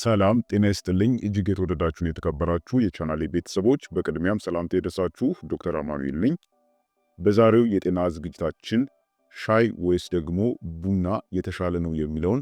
ሰላም ጤና ይስጥልኝ። እጅግ የተወደዳችሁን የተከበራችሁ የቻናሌ ቤተሰቦች በቅድሚያም ሰላምታ የደሳችሁ ዶክተር አማኑኤል ነኝ። በዛሬው የጤና ዝግጅታችን ሻይ ወይስ ደግሞ ቡና የተሻለ ነው የሚለውን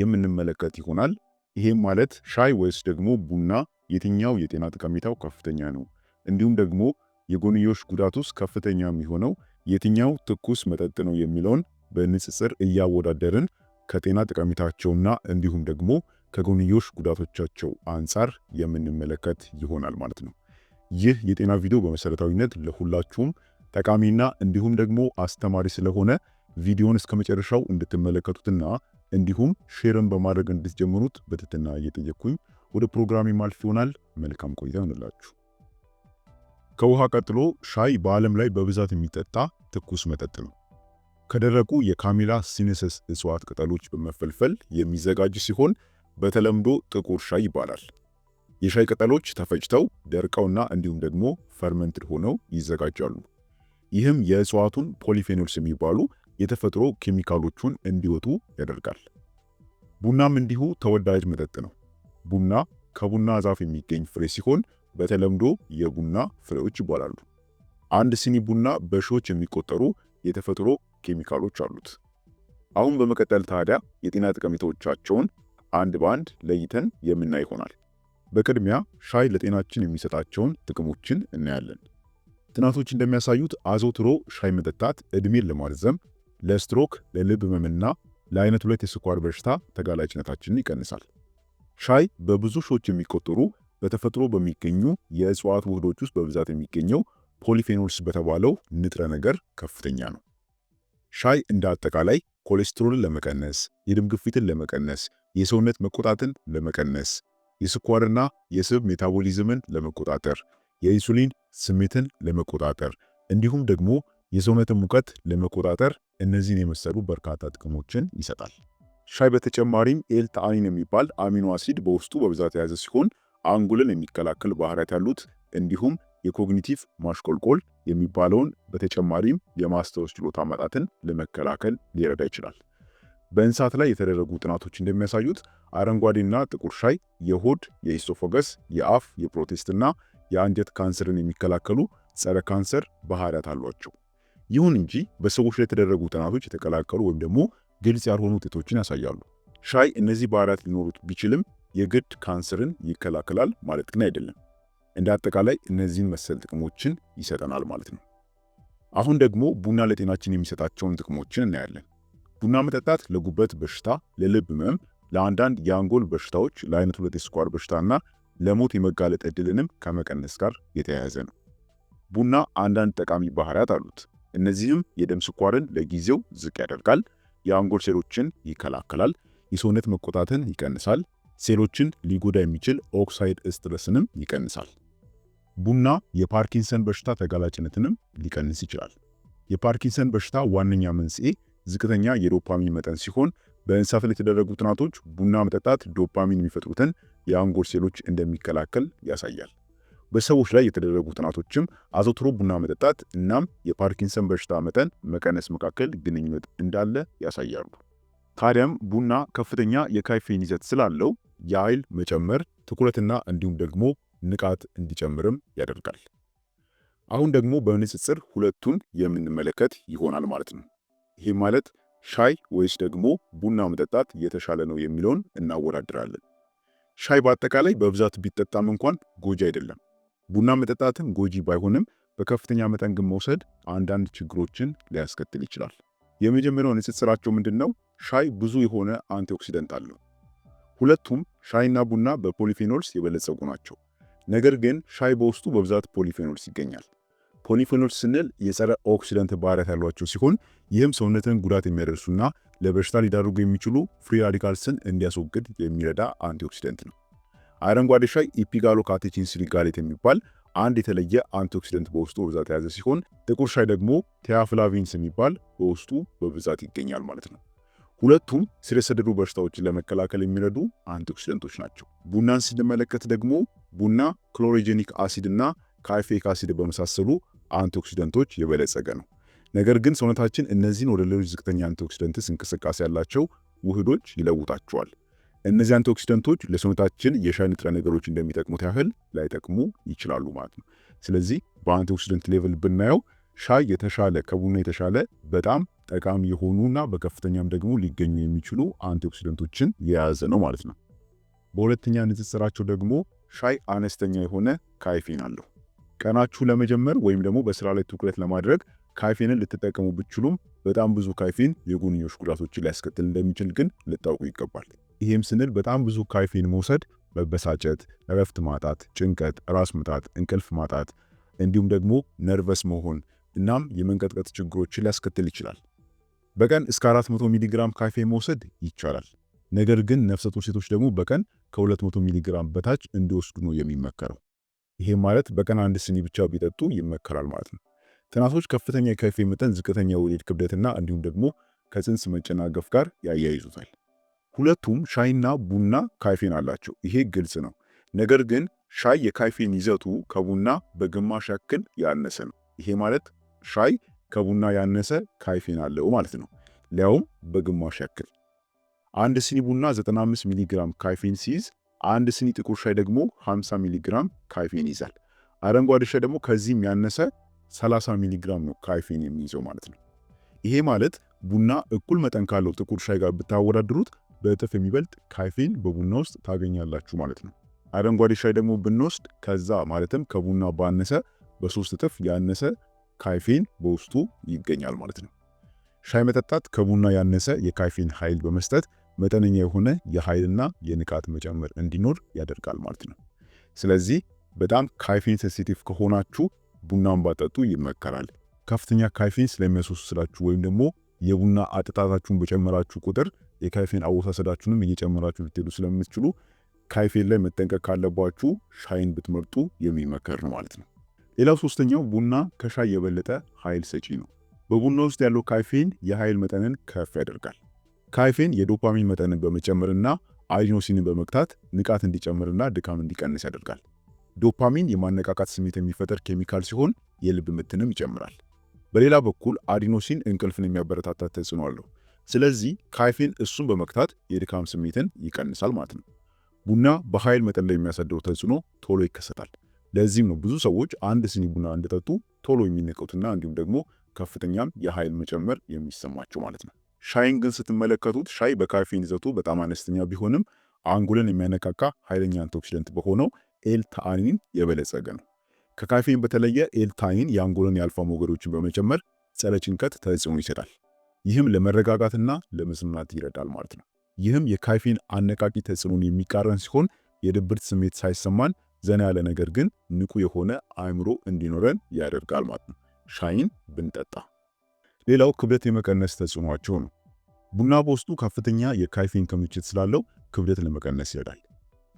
የምንመለከት ይሆናል። ይሄም ማለት ሻይ ወይስ ደግሞ ቡና የትኛው የጤና ጠቀሜታው ከፍተኛ ነው፣ እንዲሁም ደግሞ የጎንዮሽ ጉዳት ውስጥ ከፍተኛ የሚሆነው የትኛው ትኩስ መጠጥ ነው የሚለውን በንጽጽር እያወዳደርን ከጤና ጠቀሜታቸውና እንዲሁም ደግሞ ከጎንዮሽ ጉዳቶቻቸው አንጻር የምንመለከት ይሆናል ማለት ነው። ይህ የጤና ቪዲዮ በመሰረታዊነት ለሁላችሁም ጠቃሚና እንዲሁም ደግሞ አስተማሪ ስለሆነ ቪዲዮን እስከ መጨረሻው እንድትመለከቱትና እንዲሁም ሼርን በማድረግ እንድትጀምሩት በትህትና እየጠየቅኩኝ ወደ ፕሮግራሚ ማልፍ ይሆናል። መልካም ቆይታ ይሆንላችሁ። ከውሃ ቀጥሎ ሻይ በዓለም ላይ በብዛት የሚጠጣ ትኩስ መጠጥ ነው። ከደረቁ የካሚላ ሲነሰስ እጽዋት ቅጠሎች በመፈልፈል የሚዘጋጅ ሲሆን በተለምዶ ጥቁር ሻይ ይባላል። የሻይ ቅጠሎች ተፈጭተው ደርቀውና እንዲሁም ደግሞ ፈርመንትድ ሆነው ይዘጋጃሉ። ይህም የእጽዋቱን ፖሊፌኖልስ የሚባሉ የተፈጥሮ ኬሚካሎቹን እንዲወጡ ያደርጋል። ቡናም እንዲሁ ተወዳጅ መጠጥ ነው። ቡና ከቡና ዛፍ የሚገኝ ፍሬ ሲሆን በተለምዶ የቡና ፍሬዎች ይባላሉ። አንድ ሲኒ ቡና በሺዎች የሚቆጠሩ የተፈጥሮ ኬሚካሎች አሉት። አሁን በመቀጠል ታዲያ የጤና ጠቀሜታዎቻቸውን አንድ በአንድ ለይተን የምናይ ይሆናል። በቅድሚያ ሻይ ለጤናችን የሚሰጣቸውን ጥቅሞችን እናያለን። ጥናቶች እንደሚያሳዩት አዘውትሮ ሻይ መጠጣት ዕድሜን ለማርዘም፣ ለስትሮክ፣ ለልብ ህመምና ለአይነት ሁለት የስኳር በሽታ ተጋላጭነታችንን ይቀንሳል። ሻይ በብዙ ሺዎች የሚቆጠሩ በተፈጥሮ በሚገኙ የእጽዋት ውህዶች ውስጥ በብዛት የሚገኘው ፖሊፌኖልስ በተባለው ንጥረ ነገር ከፍተኛ ነው። ሻይ እንደ አጠቃላይ ኮሌስትሮልን ለመቀነስ፣ የደም ግፊትን ለመቀነስ፣ የሰውነት መቆጣትን ለመቀነስ፣ የስኳርና የስብ ሜታቦሊዝምን ለመቆጣጠር፣ የኢንሱሊን ስሜትን ለመቆጣጠር እንዲሁም ደግሞ የሰውነትን ሙቀት ለመቆጣጠር እነዚህን የመሰሉ በርካታ ጥቅሞችን ይሰጣል። ሻይ በተጨማሪም ኤል ቴአኒን የሚባል አሚኖ አሲድ በውስጡ በብዛት የያዘ ሲሆን አንጎልን የሚከላከል ባህሪያት ያሉት እንዲሁም የኮግኒቲቭ ማሽቆልቆል የሚባለውን በተጨማሪም የማስታወስ ችሎታ ማጣትን ለመከላከል ሊረዳ ይችላል። በእንስሳት ላይ የተደረጉ ጥናቶች እንደሚያሳዩት አረንጓዴና ጥቁር ሻይ የሆድ፣ የኢሶፎገስ፣ የአፍ፣ የፕሮቴስትና የአንጀት ካንሰርን የሚከላከሉ ጸረ ካንሰር ባህሪያት አሏቸው። ይሁን እንጂ በሰዎች ላይ የተደረጉ ጥናቶች የተቀላቀሉ ወይም ደግሞ ግልጽ ያልሆኑ ውጤቶችን ያሳያሉ። ሻይ እነዚህ ባህሪያት ሊኖሩት ቢችልም የግድ ካንሰርን ይከላከላል ማለት ግን አይደለም። እንደ አጠቃላይ እነዚህን መሰል ጥቅሞችን ይሰጠናል ማለት ነው። አሁን ደግሞ ቡና ለጤናችን የሚሰጣቸውን ጥቅሞችን እናያለን። ቡና መጠጣት ለጉበት በሽታ፣ ለልብ ህመም፣ ለአንዳንድ የአንጎል በሽታዎች፣ ለአይነት ሁለት የስኳር በሽታና ለሞት የመጋለጥ እድልንም ከመቀነስ ጋር የተያያዘ ነው። ቡና አንዳንድ ጠቃሚ ባህሪያት አሉት። እነዚህም የደም ስኳርን ለጊዜው ዝቅ ያደርጋል፣ የአንጎል ሴሎችን ይከላከላል፣ የሰውነት መቆጣትን ይቀንሳል፣ ሴሎችን ሊጎዳ የሚችል ኦክሳይድ ስትረስንም ይቀንሳል። ቡና የፓርኪንሰን በሽታ ተጋላጭነትንም ሊቀንስ ይችላል። የፓርኪንሰን በሽታ ዋነኛ መንስኤ ዝቅተኛ የዶፓሚን መጠን ሲሆን በእንስሳት ላይ የተደረጉ ጥናቶች ቡና መጠጣት ዶፓሚን የሚፈጥሩትን የአንጎል ሴሎች እንደሚከላከል ያሳያል። በሰዎች ላይ የተደረጉ ጥናቶችም አዘውትሮ ቡና መጠጣት እናም የፓርኪንሰን በሽታ መጠን መቀነስ መካከል ግንኙነት እንዳለ ያሳያሉ። ታዲያም ቡና ከፍተኛ የካይፌን ይዘት ስላለው የኃይል መጨመር፣ ትኩረትና እንዲሁም ደግሞ ንቃት እንዲጨምርም ያደርጋል። አሁን ደግሞ በንጽጽር ሁለቱን የምንመለከት ይሆናል ማለት ነው። ይህ ማለት ሻይ ወይስ ደግሞ ቡና መጠጣት የተሻለ ነው የሚለውን እናወዳድራለን። ሻይ በአጠቃላይ በብዛት ቢጠጣም እንኳን ጎጂ አይደለም። ቡና መጠጣትም ጎጂ ባይሆንም በከፍተኛ መጠን ግን መውሰድ አንዳንድ ችግሮችን ሊያስከትል ይችላል። የመጀመሪያው ንጽጽራቸው ምንድን ነው? ሻይ ብዙ የሆነ አንቲኦክሲደንት አለው። ሁለቱም ሻይና ቡና በፖሊፌኖልስ የበለጸጉ ናቸው። ነገር ግን ሻይ በውስጡ በብዛት ፖሊፌኖልስ ይገኛል። ፖሊፌኖል ስንል የጸረ ኦክሲደንት ባህሪያት ያሏቸው ሲሆን ይህም ሰውነትን ጉዳት የሚያደርሱና ለበሽታ ሊዳርጉ የሚችሉ ፍሪ ራዲካልስን እንዲያስወግድ የሚረዳ አንቲኦክሲደንት ነው። አረንጓዴ ሻይ ኢፒጋሎ ካቴቺን ሲሊጋሌት የሚባል አንድ የተለየ አንቲኦክሲደንት በውስጡ በብዛት የያዘ ሲሆን ጥቁር ሻይ ደግሞ ቴያፍላቪንስ የሚባል በውስጡ በብዛት ይገኛል ማለት ነው። ሁለቱም ስር የሰደዱ በሽታዎችን ለመከላከል የሚረዱ አንቲኦክሲደንቶች ናቸው። ቡናን ስንመለከት ደግሞ ቡና ክሎሮጄኒክ አሲድ እና ካይፌክ አሲድ በመሳሰሉ አንቲኦክሲደንቶች የበለጸገ ነው። ነገር ግን ሰውነታችን እነዚህን ወደ ሌሎች ዝቅተኛ አንቲኦክሲደንትስ እንቅስቃሴ ያላቸው ውህዶች ይለውጣቸዋል። እነዚህ አንቲኦክሲደንቶች ለሰውነታችን የሻይ ንጥረ ነገሮች እንደሚጠቅሙት ያህል ላይጠቅሙ ይችላሉ ማለት ነው። ስለዚህ በአንቲኦክሲደንት ሌቭል ብናየው ሻይ የተሻለ ከቡና የተሻለ በጣም ጠቃሚ የሆኑና በከፍተኛም ደግሞ ሊገኙ የሚችሉ አንቲኦክሲደንቶችን የያዘ ነው ማለት ነው። በሁለተኛ ንጽጽራቸው ደግሞ ሻይ አነስተኛ የሆነ ካይፌን አለው። ቀናችሁ ለመጀመር ወይም ደግሞ በስራ ላይ ትኩረት ለማድረግ ካፌንን ልትጠቀሙ ብችሉም በጣም ብዙ ካፌን የጎንዮሽ ጉዳቶችን ሊያስከትል እንደሚችል ግን ልታውቁ ይገባል። ይህም ስንል በጣም ብዙ ካፌን መውሰድ መበሳጨት፣ እረፍት ማጣት፣ ጭንቀት፣ ራስ ምታት፣ እንቅልፍ ማጣት እንዲሁም ደግሞ ነርቨስ መሆን እናም የመንቀጥቀጥ ችግሮችን ሊያስከትል ይችላል። በቀን እስከ 400 ሚሊግራም ካፌን መውሰድ ይቻላል። ነገር ግን ነፍሰጡር ሴቶች ደግሞ በቀን ከ200 ሚሊግራም በታች እንዲወስዱ ነው የሚመከረው። ይሄ ማለት በቀን አንድ ስኒ ብቻ ቢጠጡ ይመከራል ማለት ነው። ጥናቶች ከፍተኛ የካፌ መጠን ዝቅተኛ የወሊድ ክብደትና እንዲሁም ደግሞ ከጽንስ መጨናገፍ ጋር ያያይዙታል። ሁለቱም ሻይና ቡና ካፌን አላቸው፣ ይሄ ግልጽ ነው። ነገር ግን ሻይ የካፌን ይዘቱ ከቡና በግማሽ ያክል ያነሰ ነው። ይሄ ማለት ሻይ ከቡና ያነሰ ካፌን አለው ማለት ነው፣ ሊያውም በግማሽ ያክል። አንድ ስኒ ቡና 95 ሚሊ ግራም ሲይዝ አንድ ስኒ ጥቁር ሻይ ደግሞ 50 ሚሊግራም ካፌን ይዛል። አረንጓዴ ሻይ ደግሞ ከዚህም ያነሰ 30 ሚሊግራም ነው ካይፌን የሚይዘው ማለት ነው። ይሄ ማለት ቡና እኩል መጠን ካለው ጥቁር ሻይ ጋር ብታወዳድሩት በእጥፍ የሚበልጥ ካይፌን በቡና ውስጥ ታገኛላችሁ ማለት ነው። አረንጓዴ ሻይ ደግሞ ብንወስድ ከዛ ማለትም ከቡና ባነሰ በሶስት እጥፍ ያነሰ ካይፌን በውስጡ ይገኛል ማለት ነው። ሻይ መጠጣት ከቡና ያነሰ የካይፌን ኃይል በመስጠት መጠነኛ የሆነ የኃይልና የንቃት መጨመር እንዲኖር ያደርጋል ማለት ነው። ስለዚህ በጣም ካፌን ሴንሲቲቭ ከሆናችሁ ቡናን ባጠጡ ይመከራል። ከፍተኛ ካፌን ስለሚያስወስዳችሁ ወይም ደግሞ የቡና አጠጣታችሁን በጨመራችሁ ቁጥር የካይፌን አወሳሰዳችሁንም እየጨመራችሁ ልትሄዱ ስለምትችሉ ካይፌን ላይ መጠንቀቅ ካለባችሁ ሻይን ብትመርጡ የሚመከር ነው ማለት ነው። ሌላው ሶስተኛው ቡና ከሻይ የበለጠ ኃይል ሰጪ ነው። በቡና ውስጥ ያለው ካይፌን የኃይል መጠንን ከፍ ያደርጋል። ካይፌን የዶፓሚን መጠንን በመጨመርና አዲኖሲንን በመቅታት ንቃት እንዲጨምርና ድካም እንዲቀንስ ያደርጋል። ዶፓሚን የማነቃቃት ስሜት የሚፈጠር ኬሚካል ሲሆን የልብ ምትንም ይጨምራል። በሌላ በኩል አዲኖሲን እንቅልፍን የሚያበረታታት ተጽዕኖ አለው። ስለዚህ ካይፌን እሱን በመቅታት የድካም ስሜትን ይቀንሳል ማለት ነው። ቡና በኃይል መጠን ላይ የሚያሳድረው ተጽዕኖ ቶሎ ይከሰታል። ለዚህም ነው ብዙ ሰዎች አንድ ስኒ ቡና እንደጠጡ ቶሎ የሚነቀውትና እንዲሁም ደግሞ ከፍተኛም የኃይል መጨመር የሚሰማቸው ማለት ነው። ሻይን ግን ስትመለከቱት ሻይ በካፌን ይዘቱ በጣም አነስተኛ ቢሆንም አንጎልን የሚያነካካ ኃይለኛ አንቲኦክሲደንት በሆነው ኤልታኒን የበለጸገ ነው። ከካፌን በተለየ ኤልታኒን የአንጎልን የአልፋ ሞገዶችን በመጨመር ጸረ ጭንቀት ተጽዕኖ ይሰጣል። ይህም ለመረጋጋትና ለመዝናናት ይረዳል ማለት ነው። ይህም የካፌን አነቃቂ ተጽዕኖን የሚቃረን ሲሆን የድብርት ስሜት ሳይሰማን ዘና ያለ ነገር ግን ንቁ የሆነ አእምሮ እንዲኖረን ያደርጋል ማለት ነው። ሻይን ብንጠጣ ሌላው ክብደት የመቀነስ ተጽዕኖአቸው ነው። ቡና በውስጡ ከፍተኛ የካይፊን ክምችት ስላለው ክብደት ለመቀነስ ይረዳል።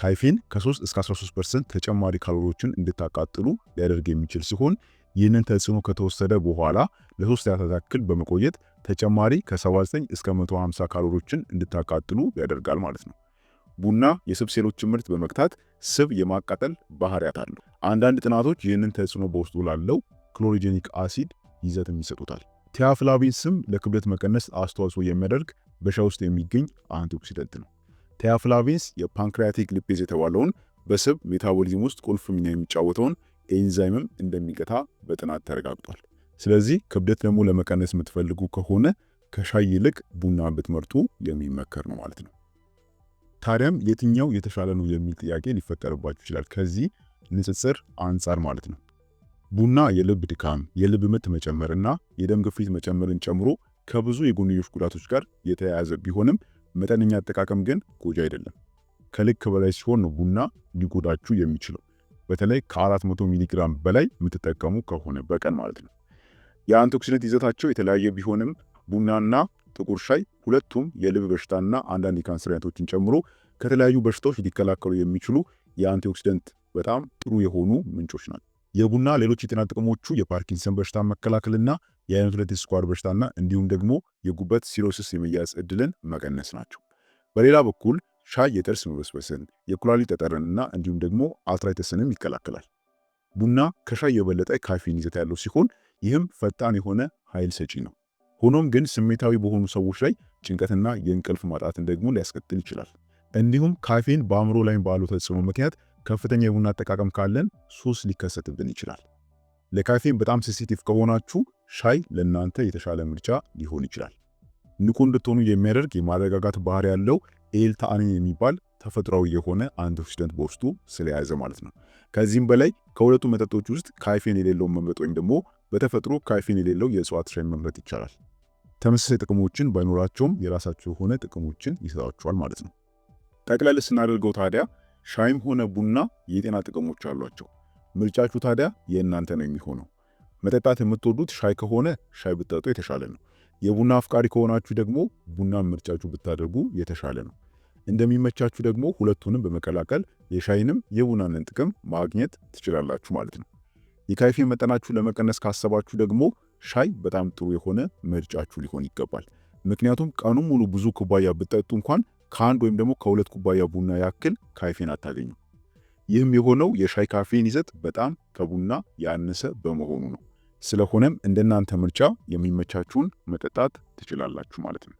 ካይፊን ከ3 እስከ 13% ተጨማሪ ካሎሪዎችን እንድታቃጥሉ ሊያደርግ የሚችል ሲሆን ይህንን ተጽዕኖ ከተወሰደ በኋላ ለ3 ሰዓታት ያክል በመቆየት ተጨማሪ ከ79 እስከ 150 ካሎሪዎችን እንድታቃጥሉ ያደርጋል ማለት ነው። ቡና የስብ ሴሎችን ምርት በመግታት ስብ የማቃጠል ባህሪያት አለው። አንዳንድ ጥናቶች ይህንን ተጽዕኖ በውስጡ ላለው ክሎሪጄኒክ አሲድ ይዘትም ይሰጡታል። ቴያፍላቪንስም ለክብደት መቀነስ አስተዋጽኦ የሚያደርግ በሻይ ውስጥ የሚገኝ አንቲኦክሲደንት ነው። ቴያፍላቪንስ የፓንክሪያቲክ ሊፔዝ የተባለውን በስብ ሜታቦሊዝም ውስጥ ቁልፍ ሚና የሚጫወተውን ኤንዛይምም እንደሚቀታ በጥናት ተረጋግጧል። ስለዚህ ክብደት ደግሞ ለመቀነስ የምትፈልጉ ከሆነ ከሻይ ይልቅ ቡና ብትመርጡ የሚመከር ነው ማለት ነው። ታዲያም የትኛው የተሻለ ነው የሚል ጥያቄ ሊፈጠርባችሁ ይችላል ከዚህ ንጽጽር አንጻር ማለት ነው። ቡና የልብ ድካም፣ የልብ ምት መጨመርና የደም ግፊት መጨመርን ጨምሮ ከብዙ የጎንዮሽ ጉዳቶች ጋር የተያያዘ ቢሆንም መጠነኛ አጠቃቀም ግን ጎጂ አይደለም። ከልክ በላይ ሲሆን ነው ቡና ሊጎዳችሁ የሚችለው። በተለይ ከ400 ሚሊግራም በላይ የምትጠቀሙ ከሆነ በቀን ማለት ነው። የአንቶክሲደንት ይዘታቸው የተለያየ ቢሆንም ቡናና ጥቁር ሻይ ሁለቱም የልብ በሽታና አንዳንድ የካንሰር አይነቶችን ጨምሮ ከተለያዩ በሽታዎች ሊከላከሉ የሚችሉ የአንቲኦክሲደንት በጣም ጥሩ የሆኑ ምንጮች ናቸው። የቡና ሌሎች የጤና ጥቅሞቹ የፓርኪንሰን በሽታ መከላከልና የአይነት ሁለት የስኳር በሽታና እንዲሁም ደግሞ የጉበት ሲሮሲስ የመያዝ እድልን መቀነስ ናቸው። በሌላ በኩል ሻይ የጥርስ መበስበስን፣ የኩላሊት ጠጠርንና እንዲሁም ደግሞ አትራይተስንም ይከላከላል። ቡና ከሻይ የበለጠ ካፌን ይዘት ያለው ሲሆን ይህም ፈጣን የሆነ ኃይል ሰጪ ነው። ሆኖም ግን ስሜታዊ በሆኑ ሰዎች ላይ ጭንቀትና የእንቅልፍ ማጣትን ደግሞ ሊያስከትል ይችላል። እንዲሁም ካፌን በአእምሮ ላይ ባለው ተጽዕኖ ምክንያት ከፍተኛ የቡና አጠቃቀም ካለን ሱስ ሊከሰትብን ይችላል። ለካፌን በጣም ሴንሲቲቭ ከሆናችሁ ሻይ ለእናንተ የተሻለ ምርጫ ሊሆን ይችላል። ንቁ እንድትሆኑ የሚያደርግ የማረጋጋት ባህሪ ያለው ኤልታ የሚባል ተፈጥሯዊ የሆነ አንቲኦክሲደንት በውስጡ ስለያዘ ማለት ነው። ከዚህም በላይ ከሁለቱ መጠጦች ውስጥ ካፌን የሌለውን መምረጥ ወይም ደግሞ በተፈጥሮ ካፌን የሌለው የእጽዋት ሻይ መምረጥ ይቻላል። ተመሳሳይ ጥቅሞችን ባይኖራቸውም የራሳቸው የሆነ ጥቅሞችን ይሰጣችኋል ማለት ነው። ጠቅለል ስናደርገው ታዲያ ሻይም ሆነ ቡና የጤና ጥቅሞች አሏቸው። ምርጫችሁ ታዲያ የእናንተ ነው የሚሆነው። መጠጣት የምትወዱት ሻይ ከሆነ ሻይ ብትጠጡ የተሻለ ነው። የቡና አፍቃሪ ከሆናችሁ ደግሞ ቡናን ምርጫችሁ ብታደርጉ የተሻለ ነው። እንደሚመቻችሁ ደግሞ ሁለቱንም በመቀላቀል የሻይንም የቡናንን ጥቅም ማግኘት ትችላላችሁ ማለት ነው። የካይፌን መጠናችሁ ለመቀነስ ካሰባችሁ ደግሞ ሻይ በጣም ጥሩ የሆነ ምርጫችሁ ሊሆን ይገባል። ምክንያቱም ቀኑን ሙሉ ብዙ ኩባያ ብትጠጡ እንኳን ከአንድ ወይም ደግሞ ከሁለት ኩባያ ቡና ያክል ካይፌን አታገኙ። ይህም የሆነው የሻይ ካፌን ይዘት በጣም ከቡና ያነሰ በመሆኑ ነው። ስለሆነም እንደናንተ ምርጫ የሚመቻችሁን መጠጣት ትችላላችሁ ማለት ነው።